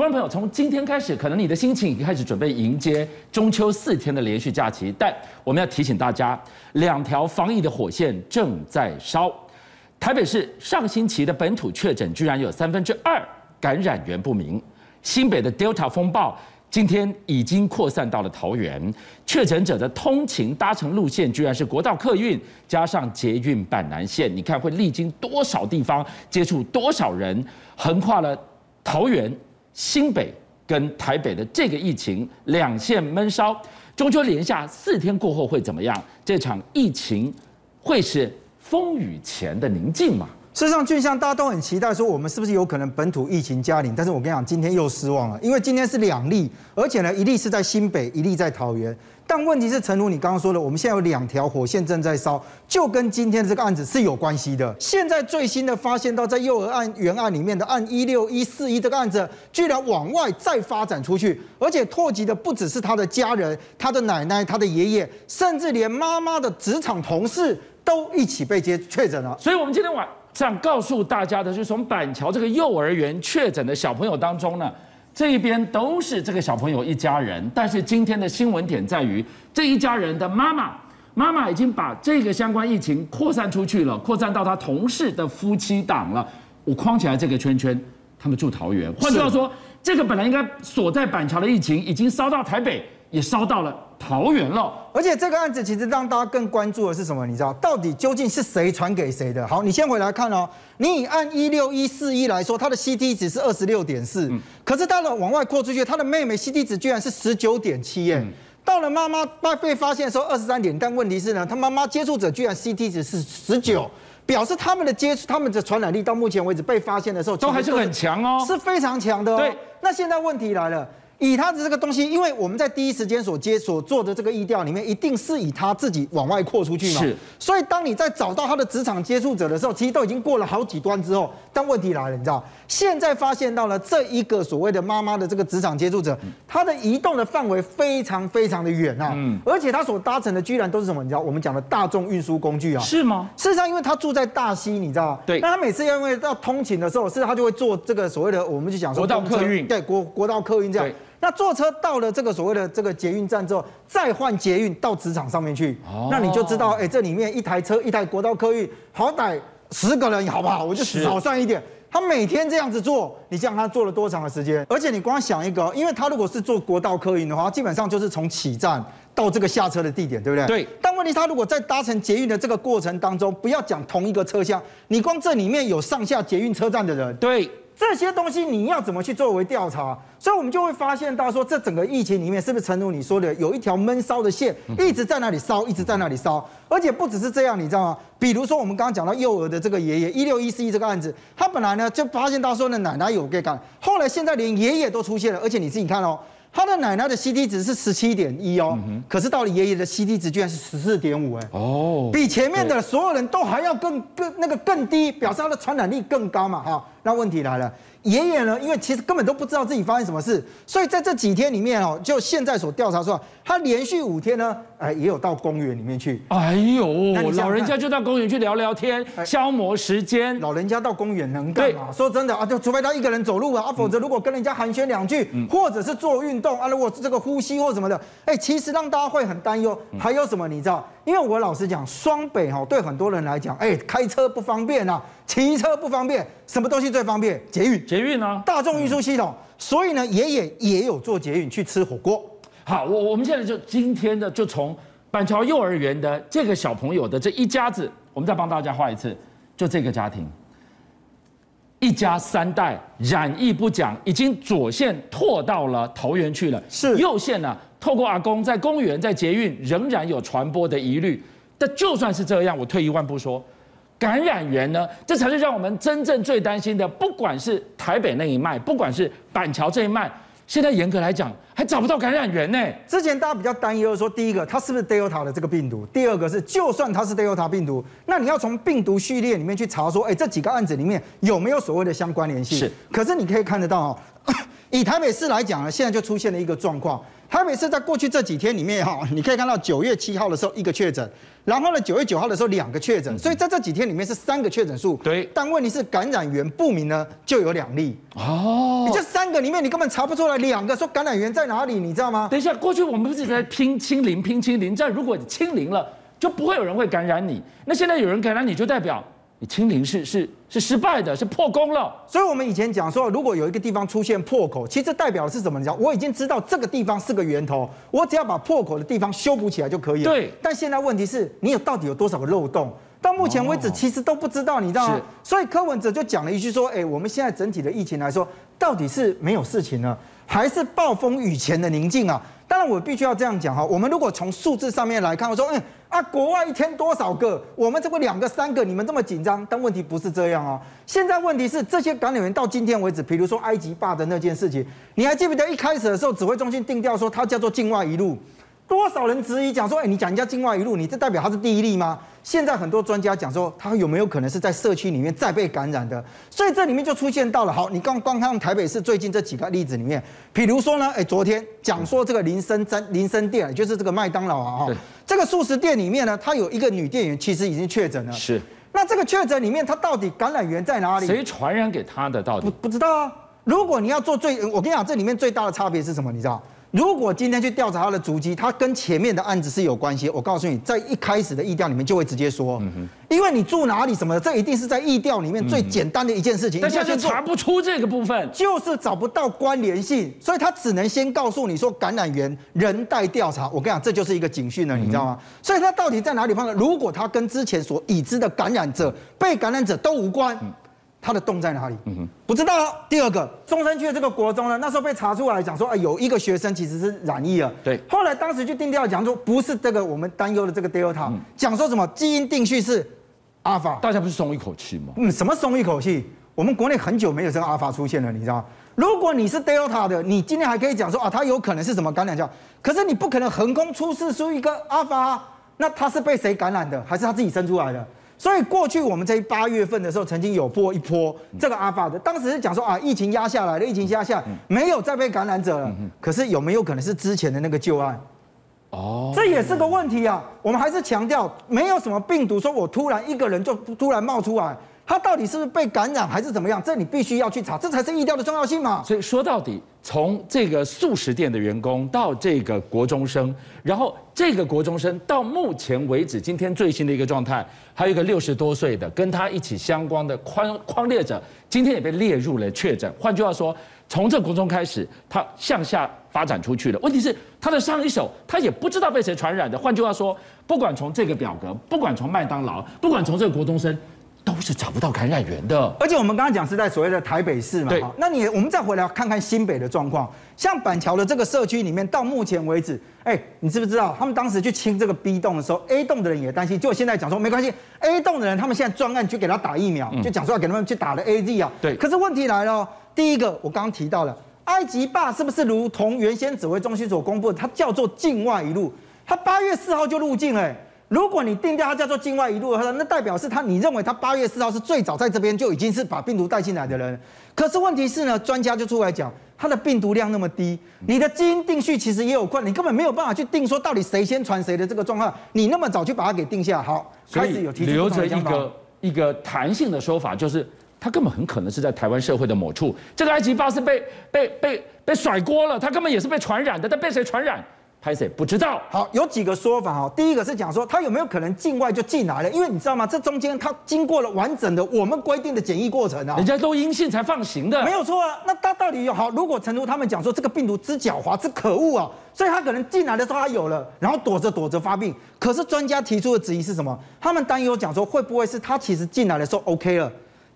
觀眾朋友，從今天開始，可能你的心情已經開始準備迎接中秋四天的連續假期，但我們要提醒大家，兩條防疫的火線正在燒。台北市上星期的本土確診居然有三分之二感染源不明，新北的 Delta 風暴今天已經擴散到了桃園，確診者的通勤搭乘路線居然是國道客運加上捷運板南線，你看會歷經多少地方，接觸多少人，橫跨了桃園。新北跟台北的這個疫情兩線悶燒，中秋連下四天過後會怎麼樣？這場疫情會是風雨前的寧靜嗎？事實上，就像大家都很期待說，我們是不是有可能本土疫情加零？但是我跟你講，今天又失望了，因為今天是兩例，而且呢，一例是在新北，一例在桃園。但問題是，誠如你剛剛說的，我們現在有兩條火線正在燒，就跟今天這個案子是有關係的。現在最新的發現，到在幼兒案原案裡面的案一六一四一這個案子，居然往外再發展出去，而且拓及的不只是他的家人、他的奶奶、他的爺爺，甚至連媽媽的職場同事。都一起被接確診了，所以我們今天晚上告訴大家的，是，從板橋這個幼兒園確診的小朋友當中呢，這一邊都是這個小朋友一家人。但是今天的新聞點在於，這一家人的媽媽，媽媽已經把這個相關疫情擴散出去了，擴散到她同事的夫妻檔了。我框起來這個圈圈，他們住桃園。是換句話說，這個本來應該鎖在板橋的疫情，已經燒到台北，也燒到了。好遠了，而且這個案子其實讓大家更關注的是什麼？你知道，到底究竟是誰傳給誰的？好，你先回來看哦。你以案一六一四一來說，他的 Ct 值是二十六點四，可是他的往外擴出去，他的妹妹 Ct 值居然是十九點七，耶，到了媽媽被發現的時候二十三點，但問題是呢，他媽媽接觸者居然 Ct 值是十九，表示他們的接觸、他們的傳染力到目前為止被發現的時候都還是很強哦，是非常強的哦。對，那現在問題來了。以他的這個東西，因為我們在第一時間所接所做的這個疫調裡面，一定是以他自己往外擴出去嘛。是。所以當你在找到他的職場接觸者的時候，其實都已經過了好幾端之後。但問題來了，你知道現在發現到了這一個所謂的媽媽的這個職場接觸者，他的移動的範圍非常非常的遠啊。而且他所搭乘的居然都是什麼？你知道，我們講的大眾運輸工具啊。是嗎？事實上，因為他住在大溪，你知道對。那他每次要因為到通勤的時候，事實上他就會坐這個所謂的，我們就講說國道客運。對，國國道客運這樣。那坐車到了這個所謂的這個捷運站之後，再換捷運到職場上面去，哦、那你就知道，誒，這裡面一台車，一台國道客運好歹十個人好不好？我就少算一點。是 他每天這樣子坐，你想他坐了多長的時間？而且你光想一個，因為他如果是坐國道客運的話，基本上就是從起站到這個下車的地點，對不對？對。但問題他如果在搭乘捷運的這個過程當中，不要講同一個車廂，你光這裡面有上下捷運車站的人，對。這些東西你要怎麼去作為調查、啊？所以，我們就會發現到說，這整個疫情裡面是不是誠如你說的，有一條悶燒的線一直在那裡燒，一直在那裡燒。而且不只是這樣，你知道嗎？比如說，我們剛剛講到幼兒的這個爺爺一六一四一這個案子，他本來呢就發現到說，那奶奶有被感染後來現在連爺爺都出現了。而且你自己看哦、喔，他的奶奶的 Ct 值是十七點一哦，可是到了爺爺的 Ct 值居然是十四點五哎哦，比前面的所有人都還要更更那個更低，表示他的傳染力更高嘛哈。那問題來了，爺爺呢？因為其實根本都不知道自己發生什麼事，所以在這幾天裡面哦，就現在所調查出來，他連續五天呢，哎，也有到公園裡面去。哎呦，老人家就到公園去聊聊天，消磨時間。老人家到公園能幹嘛？說真的啊，就除非他一個人走路啊，否則如果跟人家寒暄兩句，或者是做運動啊，或者這個呼吸或什麼的，哎，其實讓大家會很擔憂。還有什麼你知道？因為我老實講，雙北哈對很多人來講，哎，開車不方便啊，騎車不方便，什麼東西？最方便捷運，捷運呢？大眾運輸系統。所以呢，爺爺也有坐捷運去吃火鍋。好，我我們現在就今天的就從板橋幼兒園的這個小朋友的這一家子，我們再幫大家畫一次，就這個家庭，一家三代染疫不講，已經左線拓到了桃園去了，是右線呢？透過阿公在公園在捷運仍然有傳播的疑慮，但就算是這樣，我退一萬步說。感染源呢？這才是讓我們真正最擔心的。不管是台北那一脈，不管是板橋這一脈，現在嚴格來講還找不到感染源呢。之前大家比較擔憂說，第一個它是不是 Delta 的這個病毒，第二個是就算它是 Delta 病毒，那你要從病毒序列裡面去查說，哎、欸，這幾個案子裡面有沒有所謂的相關聯性？是。可是你可以看得到，以台北市來講呢，現在就出現了一個狀況。台北市在過去這幾天裡面，哈，你可以看到九月七號的時候一個確診，然後呢，九月九號的時候兩個確診，所以在這幾天裡面是三個確診數。對，但問題是感染源不明呢，就有兩例。哦，你這三個裡面你根本查不出來，兩個說感染源在哪裡，你知道嗎？哦、等一下，過去我們不是在拼清零、拼清零？這樣如果你清零了，就不會有人會感染你。那現在有人感染你就代表。你清零是是是失敗的，是破功了。所以，我們以前講說，如果有一個地方出現破口，其實代表的是怎麼講？我已經知道這個地方是個源頭，我只要把破口的地方修補起來就可以了。對。但現在問題是你有到底有多少個漏洞？到目前為止，其實都不知道，你知道嗎？Oh。是。所以柯文哲就講了一句說：“誒，我們現在整體的疫情來說，到底是沒有事情呢，還是暴風雨前的寧靜啊？”當然，我必須要這樣講哈。我們如果從數字上面來看，我說，嗯。啊，國外一天多少個？我們這麼兩個三個，你們這麼緊張？但問題不是這樣哦、喔。現在問題是這些感染源到今天為止，比如說埃及爸的那件事情，你還記不記得一開始的時候指揮中心定調說它叫做境外移入。多少人質疑講說，欸、你講人家境外一路，你這代表他是第一例嗎？現在很多專家講說，他有沒有可能是在社區裡面再被感染的？所以這裡面就出現到了，好，你剛剛看台北市最近這幾個例子裡面，譬如說呢，哎、欸，昨天講說這個林森珍、嗯、林森店，就是這個麥當勞啊，對這個速食店裡面呢，它有一個女店員其實已經確診了。是。那這個確診裡面，它到底感染源在哪裡？誰傳染給他的？到底不不知道啊。如果你要做最，我跟你講，這裡面最大的差別是什麼？你知道？如果今天去調查他的足跡，他跟前面的案子是有關係。我告訴你,在一開始的疫調裡面就會直接說，因為你住哪裡什麼的，這一定是在疫調裡面最簡單的一件事情。但是查不出這個部分，就是找不到關聯性，所以他只能先告訴你說感染源仍在調查。我跟你講，這就是一個警訊了，你知道嗎？所以他到底在哪裡碰到？如果他跟之前所已知的感染者、被感染者都無關。他的洞在哪裡？嗯哼，不知道。第二個，中山區的這個國中呢，那時候被查出來講說啊、欸，有一個學生其實是染疫了。對，後來當時就定調講說，不是這個我們擔憂的這個 Delta，講、嗯、說什麼基因定序是 Alpha，大家不是鬆一口氣嗎？嗯，什麼鬆一口氣？我們國內很久沒有這個 Alpha 出現了，你知道？如果你是 Delta 的，你今天還可以講說啊，他有可能是什麼感染者。可是你不可能橫空出世出一個 Alpha，那他是被誰感染的，還是他自己生出來的？所以過去我們在八月份的時候曾經有播一波這個阿法的。當時是講說啊，疫情壓下來了，疫情壓下來沒有再被感染者了。可是有沒有可能是之前的那個舊案？哦，這也是個問題啊。我們還是強調，沒有什麼病毒說我突然一個人就突然冒出來。他到底是不是被感染還是怎麼樣？這你必須要去查，這才是疫調的重要性嘛。所以說到底，從這個素食店的員工到這個國中生，然後這個國中生到目前為止今天最新的一個狀態，還有一個六十多歲的跟他一起相關的匡匡列者，今天也被列入了確診。換句話說，從這個國中開始，他向下發展出去了。問題是他的上一手他也不知道被誰傳染的。換句話說，不管從這個表格，不管從麥當勞，不管從這個國中生。都是找不到感染源的，而且我們剛剛講是在所謂的台北市嘛對，那你我們再回來看看新北的狀況，像板橋的這個社區裡面，到目前為止，哎、欸，你知不知道他們當時去清這個 B 棟的時候，A 棟的人也擔心。就我現在講說沒關係，A 棟的人他們現在專案去給他打疫苗，嗯、就講說要給他們去打了 AZ 啊。對。可是問題來了、哦，第一個我剛剛提到了，埃及爸是不是如同原先指揮中心所公布的，他叫做境外一路，他八月四號就入境了、欸。如果你定掉他叫做境外移入的話，那代表是他，你認為他八月四號是最早在這邊就已經是把病毒帶進來的人。可是問題是呢，專家就出來講，他的病毒量那麼低，你的基因定序其實也有困難，你根本沒有辦法去定說到底誰先傳誰的這個狀況。你那麼早就把它給定下，好，所以開始有提出來，留着一個一個彈性的說法，就是他根本很可能是在台灣社會的某處。這個埃及爸是被被被被甩鍋了，他根本也是被傳染的，但被誰傳染？拍誰不，不知道？好，有幾個說法哈、哦。第一個是講說，他有沒有可能境外就進來了？因為你知道嗎？這中間他經過了完整的我們規定的檢疫過程啊。人家都陰性才放行的，沒有錯啊。那他到底有好？如果成都他們講說這個病毒之狡猾，之可惡啊，所以他可能進來的時候他有了，然後躲着躲着發病。可是專家提出的質疑是什麼？他們擔憂講說，會不會是他其實進來的時候 OK 了？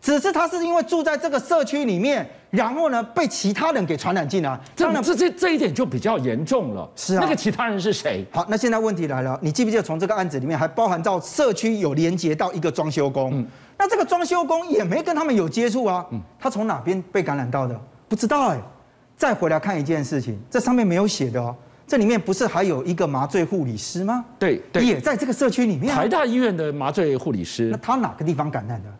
只是他是因為住在這個社區裡面，然後呢被其他人給傳染進來，這當然這這，這一點就比較嚴重了。是啊，那個其他人是誰？好，那現在問題來了，你記不記得從這個案子裡面還包含到社區有連接到一個裝修工？嗯，那這個裝修工也沒跟他們有接觸啊。嗯，他從哪邊被感染到的？不知道哎。再回來看一件事情，這上面沒有寫的哦。這裡面不是還有一個麻醉護理師嗎？對，對也在這個社區裡面。台大醫院的麻醉護理師，那他哪個地方感染的？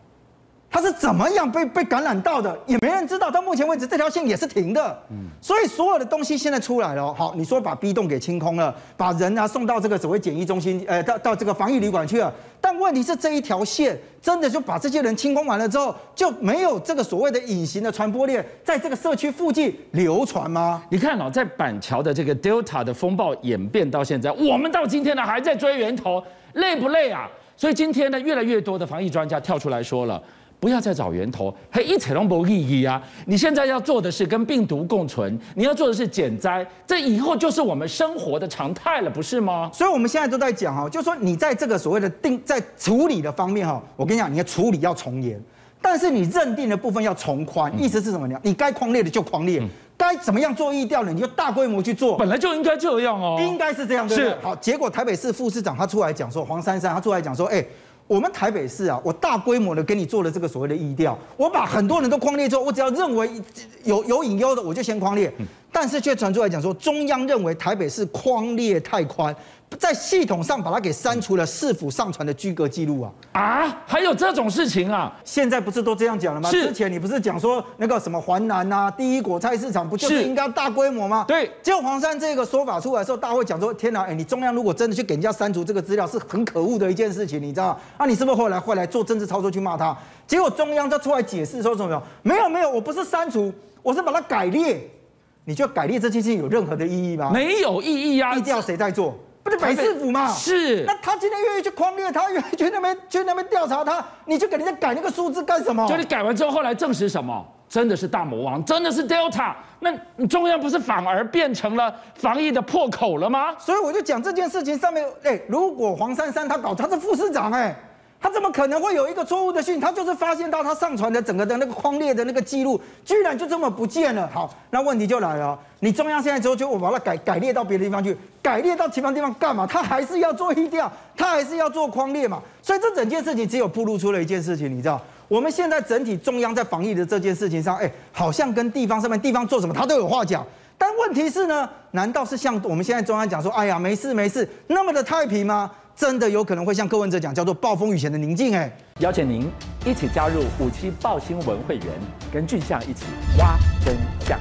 他是怎麼樣被被感染到的？也沒人知道。到目前為止，這條線也是停的。嗯，所以所有的東西現在出來了。好，你說把 B 棟給清空了，把人啊送到這個所謂檢疫中心，呃，到到這個防疫旅館去了。但問題是，這一條線真的就把這些人清空完了之後，就沒有這個所謂的隱形的傳播鏈在這個社區附近流傳嗎？你看哦，在板橋的這個 Delta 的風暴演變到現在，我們到今天呢還在追源頭，累不累啊？所以今天呢，越來越多的防疫專家跳出來說了。不要再找源頭，還一切都沒意義啊！你現在要做的是跟病毒共存，你要做的是減災，這以後就是我們生活的常態了，不是嗎？所以我們現在都在講哈，就是、說你在這個所謂的定在處理的方面哈，我跟你講，你要處理要從嚴，但是你認定的部分要從寬。意思是什麼？呢？你該匡列的就匡列，該、嗯、怎麼樣做疫調呢？你就大規模去做，本來就應該這樣哦、喔，應該是這樣對不對。是好，結果台北市副市長他出來講說，黃珊珊他出來講說，哎、欸。我們台北市啊，我大規模的給你做了這個所謂的疫調，我把很多人都匡列之後，我只要認為有有隱憂的，我就先匡列。但是卻傳出來講說，中央認為台北市匡列太寬。在系統上把它給刪除了，市府上傳的居隔紀錄啊？啊，還有這種事情啊？現在不是都這樣講了嗎？之前你不是講說那個什麼環南吶、啊，第一果菜市場不就是應該大規模嗎？對。結果黃山這個說法出來的時候大會講說：天哪，哎，你中央如果真的去給人家刪除這個資料，是很可惡的一件事情，你知道啊,啊，那你是不是後來後來做政治操作去罵他？結果中央他出來解釋說什麼沒有？沒有沒有，我不是刪除，我是把它改列。你就改列這件事情有任何的意義嗎？沒有意義啊！一定要誰在做？不是北市府嗎？北是。那他今天願意去匡列，他，願意去那邊去那邊調查他，你就給人家改那個數字幹什麼？就你改完之後，後來證實什麼？真的是大魔王，真的是 Delta。那你中央不是反而變成了防疫的破口了嗎？所以我就講這件事情上面，哎，如果黃珊珊她搞，她是副市長，哎。他怎麼可能會有一個錯誤的訊？他就是發現到他上傳的整個的那個框列的那個記錄，居然就這麼不見了。好，那問題就來了，你中央現在說就我把它改改列到別的地方去，改列到其他地方幹嘛？他還是要做疫調，他還是要做框列嘛。所以這整件事情只有暴露出了一件事情，你知道，我們現在整體中央在防疫的這件事情上，哎，好像跟地方上面，地方做什麼他都有話講。但問題是呢，難道是像我們現在中央講說，哎呀，沒事沒事，那麼的太平嗎？真的有可能會像柯文哲講，叫做暴風雨前的寧靜。哎，邀請您一起加入五七爆新聞會員，跟俊相一起挖真相。